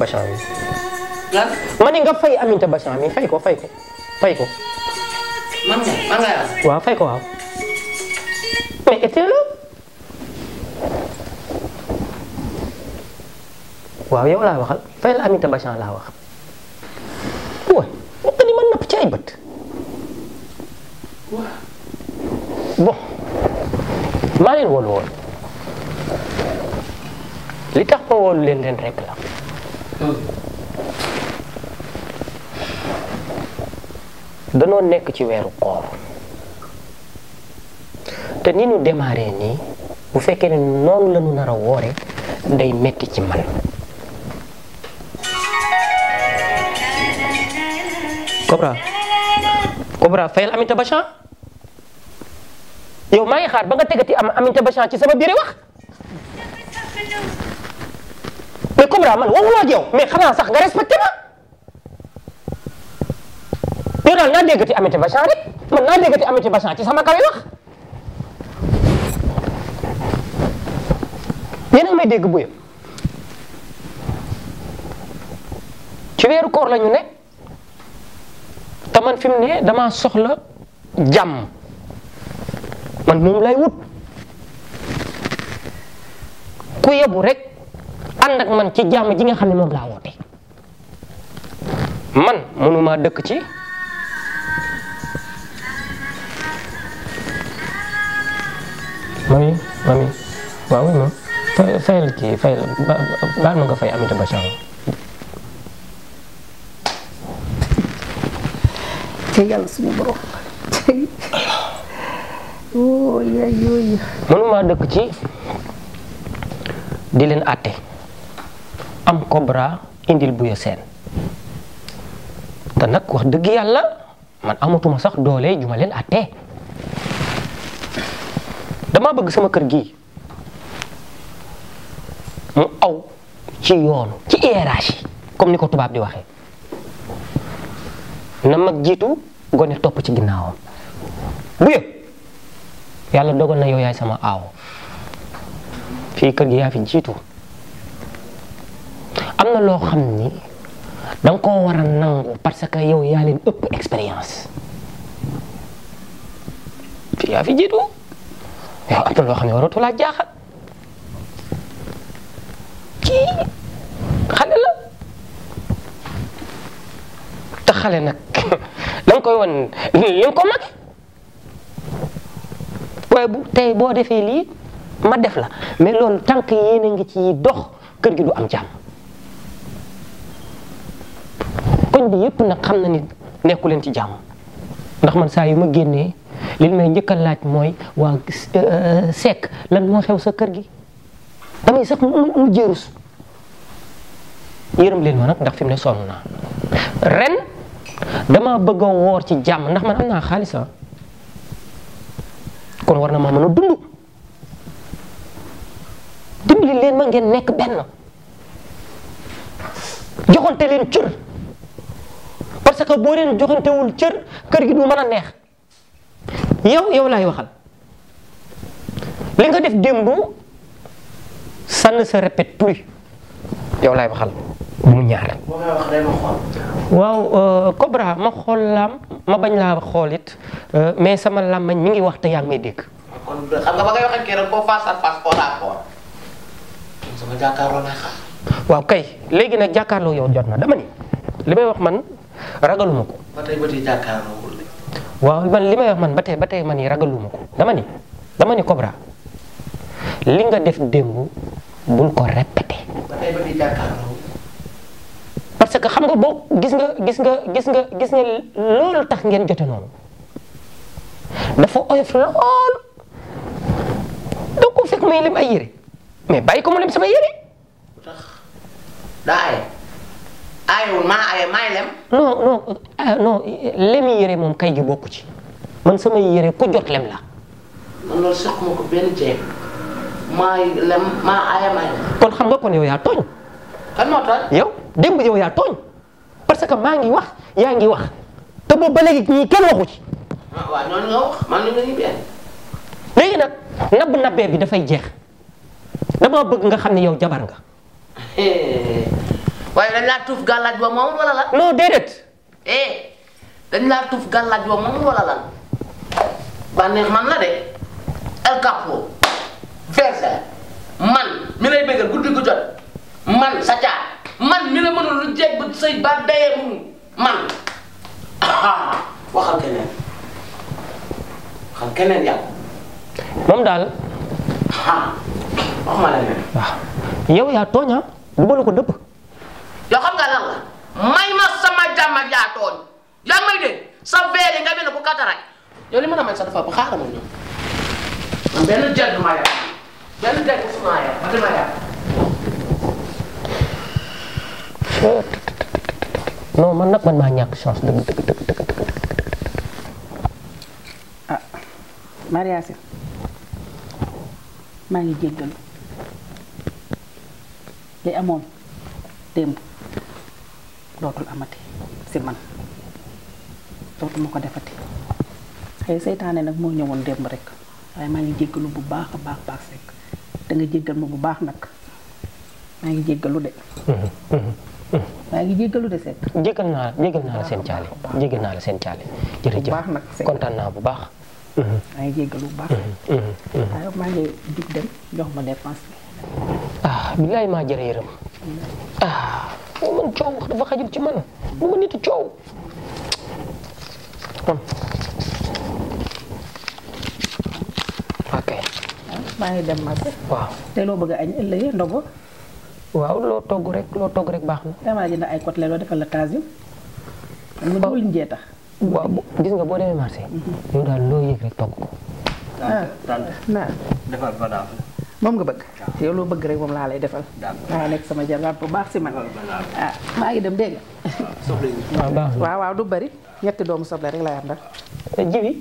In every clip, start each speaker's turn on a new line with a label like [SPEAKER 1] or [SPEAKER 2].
[SPEAKER 1] Bacham mi. lan ma ne nga fay Aminata Bacham mi fay ko fay ko fay ko. man nga man waaw fay ko waaw. mais été waaw yow laa waxal fay la Aminata Bacham laa wax. waaw wax ni man napp li tax ma woon leen ren rek danoo nekk ci weeru koor te ni ñu démarré nii bu fekkee ne noonu la ñu nar woore day metti ci man Cobra Cobra fayal Aminta Bachan yow maa ngi xaar ba nga tegati am Aminta Bachan ci sama biir wax mais Cobra man waxuma ak yow mais xanaa sax nga respecté ma yow daal naa déggati Amity Bachchan rek man naa déggati Amity Bachchan ci sama kaw yi wax yéen ma may dégg bu yëpp weeru koor la ñu ne te man fi mu ne damaa soxla jàmm man moom lay wut ku yebu rek. ànd man ci jàmm ji nga xam ne moom laa woote man mënumaa dëkk ci
[SPEAKER 2] mami mami waaw
[SPEAKER 1] moom fayal kii fayal nga fay amita ba caaw
[SPEAKER 3] te yàlla suñu borom
[SPEAKER 1] mënumaa dëkk ci di leen àtte am Cobra indil Buya Seen te nag wax dëgg yàlla man amatuma sax doole ju ma leen àttee damaa bëgg sama kër gi mu aw ci yoonu ci
[SPEAKER 3] hiérarchie
[SPEAKER 1] comme ni ko tubaab di waxe na mag jiitu gone topp ci ginnaawam bu yëpp yàlla dogal na yow yaay sama aaw fii kër gi yaa fi jiitu am na loo xam ni da nga koo war a nangu parce que yow yaa leen expérience fi yaa fi jiitu yow am na loo xam ne waratu laa jaaxal
[SPEAKER 4] kii xale la
[SPEAKER 1] te xale nag da koy wan li ko mag waaye bu tey boo defee lii ma def la mais loolu tànk yéen ngi ci dox kër gi du am jàmm koñ bi yëpp nag xam na nit nekkuleen ci jàmm ndax man saa yu ma génnee li may njëkk laaj mooy waa euh, euh, Seck lan moo xew sa kër gi damay sax mu jërus yërëm leen ma nag ndax fi ne sonn naa ren dama bëgg woor ci jàmm ndax man am naa xaalis ah. kon war na maa mën a dund dimbali ma ngeen nekk benn joxante leen cër parce que boo leen joxantewul cër kër gi du mën a neex yow yow lay waxal li nga def démb ça ne se répète plus yow laay waxal mu ñaar. waaw euh, ma xool ma bañ laa xoolit euh, mais sama làmmañ mi ngi wax te yaa ngi may dégg. kon kay léegi nag jàkkaarloo yow jot na dama ni li may wax man. ragaluma ko. ba waaw li may wax man ba tey ba tey man yi ragaluma ko dama ni dama ni Cobra li nga def démb bul ko répété. parce que xam nga boo gis nga gis nga gis nga gis nga loolu tax ngeen jote noonu dafa oyof lool da ko fekk may lim ay yére mais
[SPEAKER 4] bàyyi ko mu lim sama yére. aayewul maa aaye maay lem.
[SPEAKER 1] non non euh, non yére moom kay gi bokku ci man samay yére ku jot lem la.
[SPEAKER 4] man loolu seq ma ko benn jeeg maay lem maa aaye maay lem.
[SPEAKER 1] kon xam nga kon yow yaa tooñ.
[SPEAKER 4] kan moo tooñ.
[SPEAKER 1] yow démb yow yaa tooñ parce que maa ngi wax yaa ngi wax te ba léegi ñii kenn waxu ci.
[SPEAKER 4] ah waaw noonu nga wax man li nga ñu benn.
[SPEAKER 1] léegi nag nabb nabbee bi dafay jeex damaa bëgg nga xam ne yow jabar nga.
[SPEAKER 4] waaye dañ laa tuuf gàllaaj ba moom wala lan. non déedéet. eh dañ laa tuuf gàllaaj ba moom wala lan. bànneex man la de El Capo verser man mi lay bëggal guddi gu man sa man mi la mënul lu jeeg bu sëy ba dayee mu man ah waxal keneen waxal keneen yàlla. moom daal.
[SPEAKER 1] ah yaa tooñ ah. du ma la ko dëpp.
[SPEAKER 4] may ma sama jàmma yaa tooñ yaa ngi may dégg sa veer nga mel ne ku kataray yow ma la may sa dafa ba xaaral ma ñëw man benn jël ma yàq benn jël ma yàq
[SPEAKER 1] ba maa ñàkk chance dëgg dëgg dëgg dëgg
[SPEAKER 3] ah, dootul amati si man dootuma ko defati xëy seytaane nag moo ñëwoon démb rek waaye maa ngi jéggalu bu baax a baax baax rek da nga jéggal ma bu baax nag maa ngi jéggalu de. maa de Seck.
[SPEAKER 1] jéggal naa jéggal naa la seen caali. jéggal naa la seen caali. jërëjëf kontaan naa bu baax.
[SPEAKER 2] maa ngi jéggalu bu baax. waaye
[SPEAKER 3] maa ngi jug dem jox ma dépense bi.
[SPEAKER 1] ah billaay maa jërë yërëm. Ah. man coow dafa xajul ci man
[SPEAKER 3] du ma nitu coow ngi dem Màkka. waaw te loo bëgg a añ ëllëgee ndogo. waaw loo togg rek loo togg rek baax na. damaa jënd ay côtelets loo defal la tagine. mu dul njee tax. waaw gis nga boo demee marché. Mhm. yow daal loo yëg rek togg ko. Ah. moom nga bëgg yow loo bëgg rek moom laa lay defal daa nekk sama jarbaat bu baax si man ah maa ngi dem dégg
[SPEAKER 2] nga
[SPEAKER 1] ah, waaw
[SPEAKER 3] waaw du bari ñetti doomu soble rek lay am rek
[SPEAKER 4] eh, jibi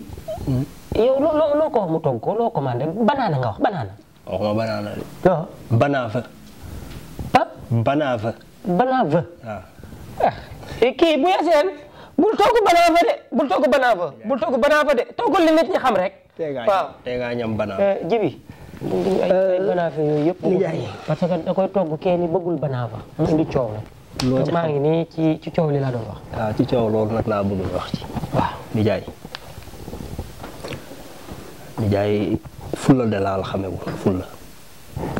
[SPEAKER 4] hmm.
[SPEAKER 1] yow loo loo ko wax mu togg ko loo commandé banaana nga wax banaana
[SPEAKER 2] waxuma banaana de banaafa pa banaafa banaafa waaw ah. ah. eh,
[SPEAKER 1] kii bu yaseen bul togg banaafa de bul togg banaafa bul togg banaafa de toggul li nit ñi xam rek
[SPEAKER 2] waaw tey ngaa ñam banaafa eh, jibi ay euh, banaafa yooyu yëpp. nijaay
[SPEAKER 1] parce que da koy togg kenn bëggul banaafa mu indi coow la. loolu ci maa ngi ci ci coow
[SPEAKER 2] doon wax. Ah, ci coow loolu nag laa bëggul wax ci. waaw nijaay nijaay fulla de laal xamewul fulla.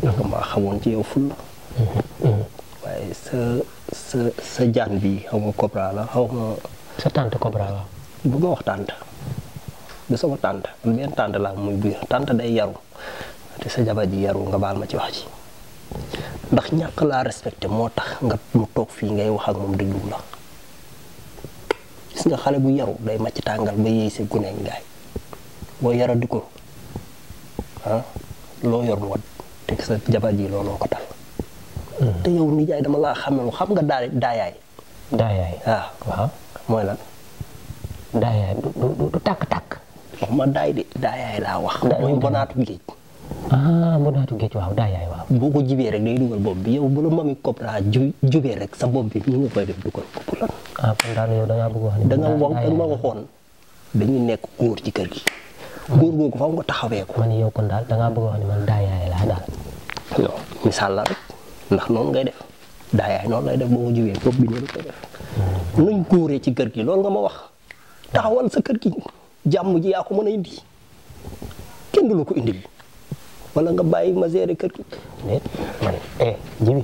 [SPEAKER 2] naka maa xamoon ci yow fulla. Mm-hmm. Mm-hmm. waaye sa sa jaan bi xaw ma Cobra la xaw ma. sa tante Cobra la. bu ma wax tante. du sama tante benn tante laa muy biir tante day yaru te sa jabar ji yaru nga baal ma ci wax ci ndax ñàkk laa respecté moo tax nga mu toog fii ngay wax ak moom déglu la gis nga xale bu yaru day màcc tàngal ba yéey sa gune ngaay boo yara di ko ah, loo yor mu wat te sa jabar ji looloo ko tal mm-hmm. te yow nijaay dama laa xam ne xam nga daa daayaay daayaay waaw mooy lan daayaay du tàkk-tàkk wax ma daay de daayaay laa wax mooy bonaatu géej
[SPEAKER 1] ah mën naa géej waaw daa yaay waaw.
[SPEAKER 2] boo ko jibee rek day dugal bopp bi yow bu la mami Cobra ju jubee rek sa bopp bi ñu nga koy def dugal ko pour lan. bëgg wax ne. da ngaa wax ma waxoon dañuy nekk góor ci kër gi. góor googu faaw taxawee ko. man yow kon daal da bëgg wax ne man daa yaay laa daal. non la rek ndax noonu ngay def daa yaay lay def boo ko jubee bopp bi noonu koy def. Hmm. nuñ góoree ci kër gi loolu nga ma wax taxawal sa kër gi jàmm ji yaa ko mën a indi kenn du ko indil. wala nga bàyyi ma gérer kër gi
[SPEAKER 1] man eh jibi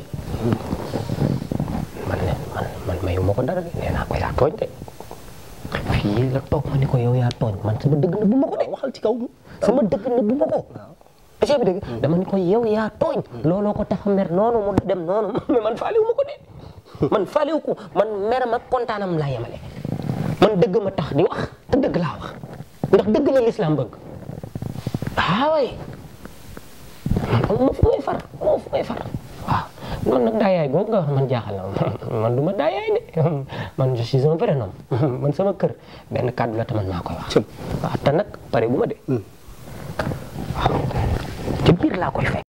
[SPEAKER 1] man ne ko dara de nee naa ko yaa tooñ de fii la toog ma ni ko yow yaa tooñ man dëgg na bu ma ci kaw sama ma ko ace bi dëgg dama ni ko yow yaa tooñ hmm. looloo ko tax mer noonu mu dem noonu man faaliwu ma ko de hmm. man faaliwu ko man meram ak kontaanam laa yemale man dëgg ma tax di wax te dëgg laa wax ndax dëgg la lislaam bëgg waaw amuma fu may far amuma fu may far waaw nag daayaay boobu nga man jaaxal na man du ma daayaay de man je suis un vrai man sama kër benn kàddu la te man maa koy wax waaw nag pare bu ma de hmm. waaw ci biir laa koy fekk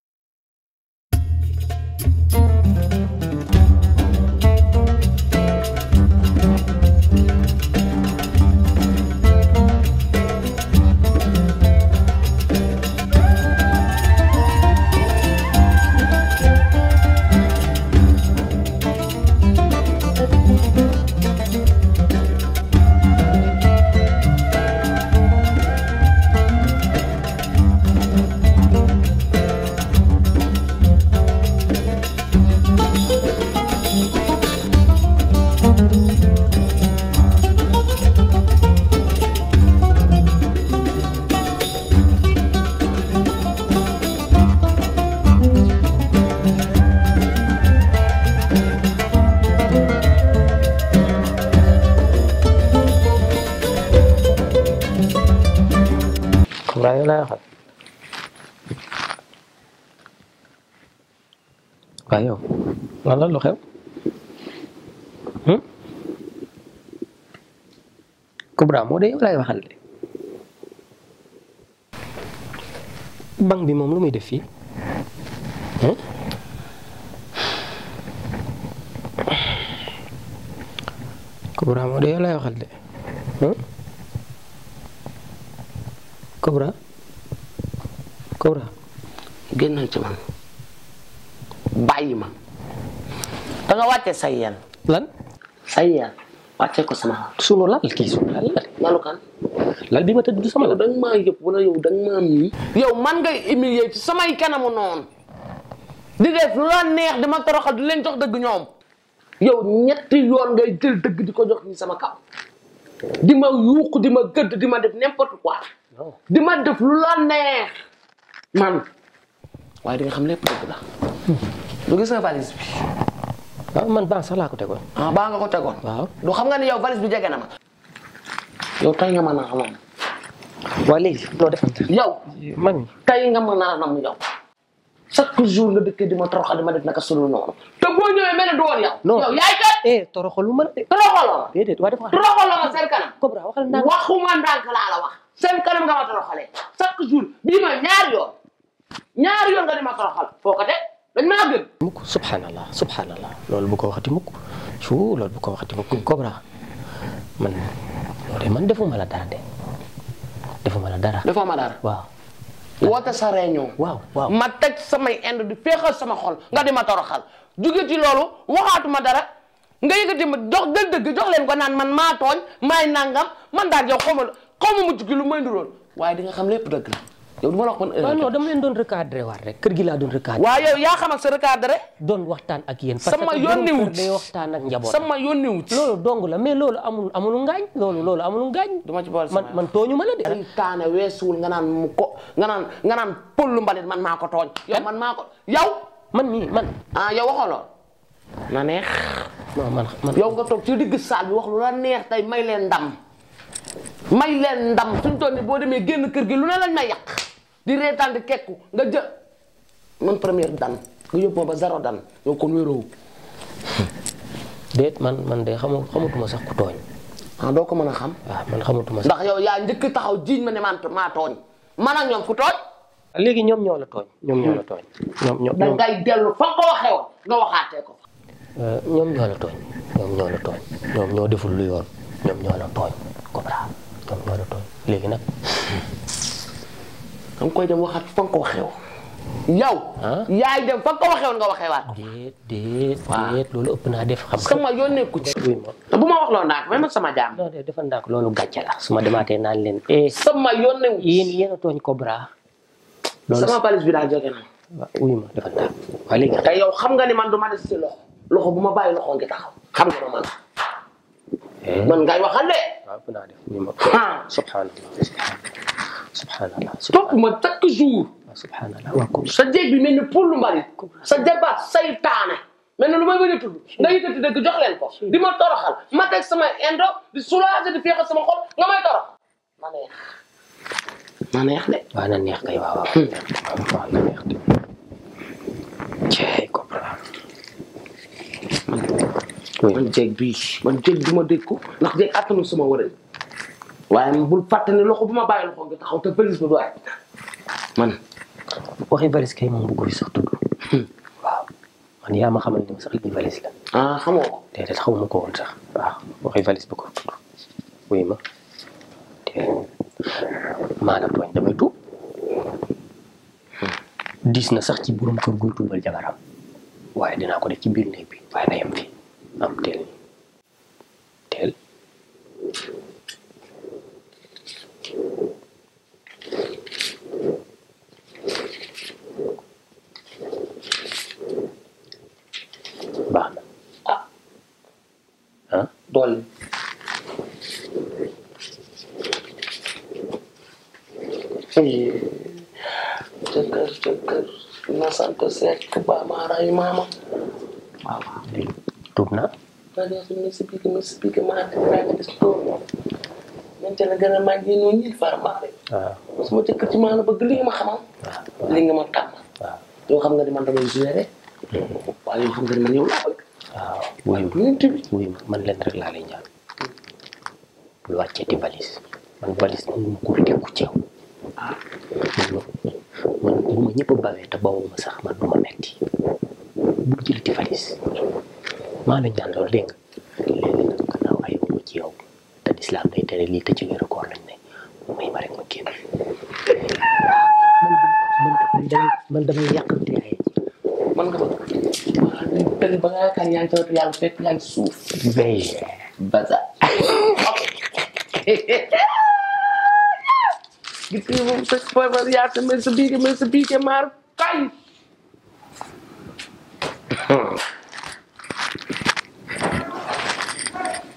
[SPEAKER 1] බයවෙලා Cayó. ¿Ganan los geos? ¿Cobramos de la de bajarle? Bang bimom lu mide fi. Cobramos de la de bajarle. Cobra Cobra
[SPEAKER 3] génnal ci man
[SPEAKER 4] bàyyi ma danga nga wàccee say yel lan say yel wàccee ko sama lal sunu lal kii sunu lal lal bi ma tëdd du sama la da nga maa yëpp wala yow da maa mii yow man ngay humilier samay kanamu noonu di def lu la neex di ma toroxal di leen jox dëgg ñoom yow ñetti yoon ngay jël dëgg di ko jox ni sama kam di ma yuuq di ma gëdd di ma def n'importe quoi di ma def lu la neex man waaye di xam lépp dëgg la hmm. du gis nga valise ah, man baa sax laa ko tegoon ah baa nga ko tegoon waaw du xam nga ne yow valise bi jege na ma yow tay nga mën a anam waa léegi loo man tay nga mën jour nga dëkk di ma toroxal di ma def naka sunu noonu te boo ñëwee mel ne du woon yow non yow yaay eh, ma na toroxaloo ma déedéet waa def ma seen kanam Cobra seen kanam nga ma toroxale chaque jour bii ma ñaari yoon ñaari yoon nga de ma toroxal foo ko
[SPEAKER 1] mukk subhanallah loolu bu ko waxati mukk su loolu bu ko waxati mukk Cobra
[SPEAKER 4] man man defuma la dara de defuma la dara. defuma dara waaw. woote sa réunion. waaw ma teg samay ind di féexal sama xol nga di ma xal jóge ci loolu waxaatuma dara nga yëkkati ma dox gën dëgg jox leen naan man maa tooñ maay nangam man daal yow xamal. xaw ma mujj gi lu may nduroon waaye di
[SPEAKER 1] nga xam lépp dëgg la yow du ma la wax man. waaw non leen doon recadré waat rek kër gi laa doon recadré. waaw yow yaa xam
[SPEAKER 4] ak sa recadré.
[SPEAKER 1] doon waxtaan ak yéen. sama yónni wu ci parce que waxtaan ak njaboot. sama
[SPEAKER 4] yónni wu ci loolu dong la mais loolu amul amul ngaañ loolu loolu amul ngaañ. dama ci boole sama man man tooñu ma la de. riitaane weesuwul nga naan ko nga naan nga naan pëllu man maa ko tooñ. yow man maa ko yow. man mii man. ah yow waxoo lool. na neex. non man nga toog ci digg saal bi wax lu neex tey may leen ndam may leen ndam suñ toll boo demee génn kër gi lu ne lañ may yàq di reetaan di kekku nga jë man première dan nga yóbbu ma ba zéro dan yow kon wéeroo
[SPEAKER 1] déet man man de xamu xamutuma sax ku tooñ. ah doo ko mën a xam. waaw ah, man xamutuma sax. ndax
[SPEAKER 4] yaa njëkk taxaw jiiñ ma ne man maa tooñ man ak ñoom ku tooñ.
[SPEAKER 1] léegi ñoom ñoom ñoo la tooñ. ñoom
[SPEAKER 4] dellu fa ko waxee nga waxaatee ko.
[SPEAKER 1] Euh, ñoom ñoo la ñoom ñoo la tooñ. ñoom ñoo
[SPEAKER 4] deful lu yoon. ñoom ñoo la tooñ. Cobra nag da koy dem waxaat fa nga ko waxee woon yow ah? yaay dem fa nga ko nga waxee waat déet loolu ëpp naa def xam sama yoon nekku ci bu ma wax loo ndaak may sama jaam non loolu gàcce su ma demaatee
[SPEAKER 1] naan leen eh.
[SPEAKER 4] sama yoon ne yéen a tooñ Cobra sama valise bi daa jóge na
[SPEAKER 1] waaw léegi
[SPEAKER 4] xam nga ni man du ma des loxo loxo ngi taxaw xam nga ma man
[SPEAKER 1] Eh? man ngay waxal de. waaw ah, mën naa def nii ma. subhanallah subhanallah.
[SPEAKER 4] topp ma chaque jour. subhanallah waaw ko. sa jéeg bi mel ni poul mbari sa jabar saytaane. mais nag lu may bëgg a tudd nga yëkkati dëgg jox leen ko di ma toroxal ma teg sama indo di soulager di féexal sama xol nga may torox ma neex
[SPEAKER 1] ma neex de. waaw na neex kay waaw waaw na neex de.
[SPEAKER 4] man jeeg bii man jeeg du ma dégg ko ndax jeeg attanu suma waral waaye bul fàtte loxo bu ma bàyyi loxo nga taxaw te valise ba du
[SPEAKER 1] man waxi valise kay moom bëggu fi sax tudd hmm. man yaa ma xamal ni sax lii valise la
[SPEAKER 4] ah xamoo ko
[SPEAKER 1] déedéet xaw ma ko woon sax waaw waxi valise bëgg ko tudd wuy ma te maa la tooñ damay tuub hmm. diis na sax ci borom kër guy tuubal jabaram waaye dinaa ko def ci biir néeg bi waaye na yem fii
[SPEAKER 4] ay maamam. waaw na. maa ngi leen di ma gën a maa ngi ñëw ñun faram maa leen. waaw sama jëkkër ci maa la bëgg li ma xamal. waaw li nga ma tàmm. waaw yow xam nga ni man damay géré. Mm-hmm. waaye yow xam man yow laa bëgg. leen rek laa lay ñaan.
[SPEAKER 1] lu wàccee ci valise man valise moom mu ko tegu ci man bu ma ñëpp bawee te bawuma sax man du ma metti bu jëlati valise maa la ñaan loolu dégg nga léegi nag gannaaw ay wu ci yow te lislaam day tere lii te ci weeru koor lañ ne may ma rek ma génn
[SPEAKER 3] man damay yàqante ay
[SPEAKER 4] man nga ma tënk ba nga yaakaar yaa ngi tawatu yàlla fekk suuf. Getirin przez wariaty, my zabili, my zabili, markaj!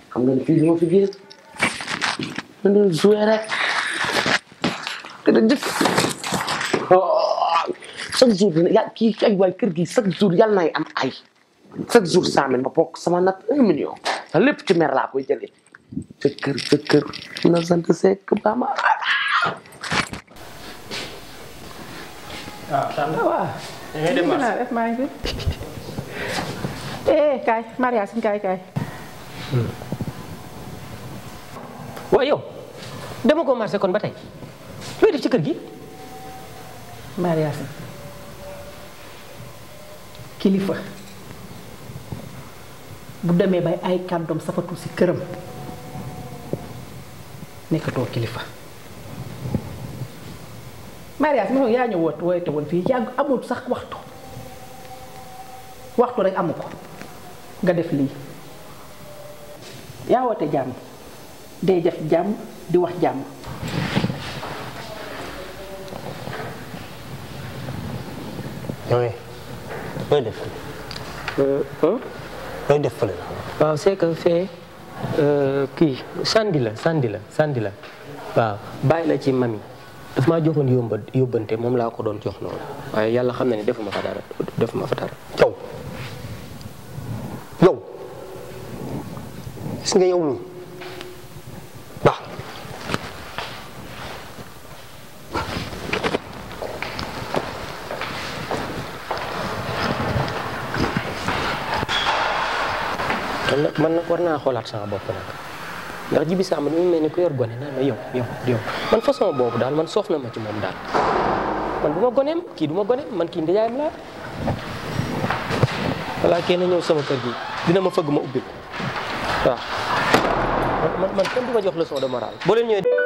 [SPEAKER 4] Xam nga fii ma fi gis ma doon joué rek te da jëkk chaque jour dina kii ay waay kër gi chaque jour yàlla nay am ay chaque jour cent mille ma bokk sama nag un million te lépp ci mer laa koy jëlee ca kër ca kër na sant Seck ba ma
[SPEAKER 2] waaw tànn
[SPEAKER 1] dama ko marché kon ba tey
[SPEAKER 3] looy def ci kër gi. mariage kilifa bu demee bay ay kàddoom safatu ci këram nekkatoo kilifa. mariage moom yaa ñu woot woyte woon fii yàgg amul sax waxtu waxtu rek amu nga def lii yaa woote jàmm day def jàmm di wax jàmm
[SPEAKER 2] oui looy def fële. Euh, looy def fële.
[SPEAKER 1] waaw c'est que fee euh, kii sandi la sandi la sandi la waaw bàyyi la ci mami. daf maa joxoon yóbba yóbbante moom laa ko doon jox noonu waaye yàlla xam na ne defuma fa dara defuma fa dara
[SPEAKER 2] yow yow gis nga yow mi baax
[SPEAKER 1] man na war naa xoolaat sama bopp nag ndax Djiby Samb ni mu mel ni ku yor gone naan ma yow yow yow man façon boobu daal man soof na ma ci moom daal man du ma goneem kii du ma goneem man kii ndijaayam laa voilà kenn ñëw sama kër gi dina ma fëgg ma ubbi ko waaw man man kenn du ma jox leçon de morale boo leen ñëwee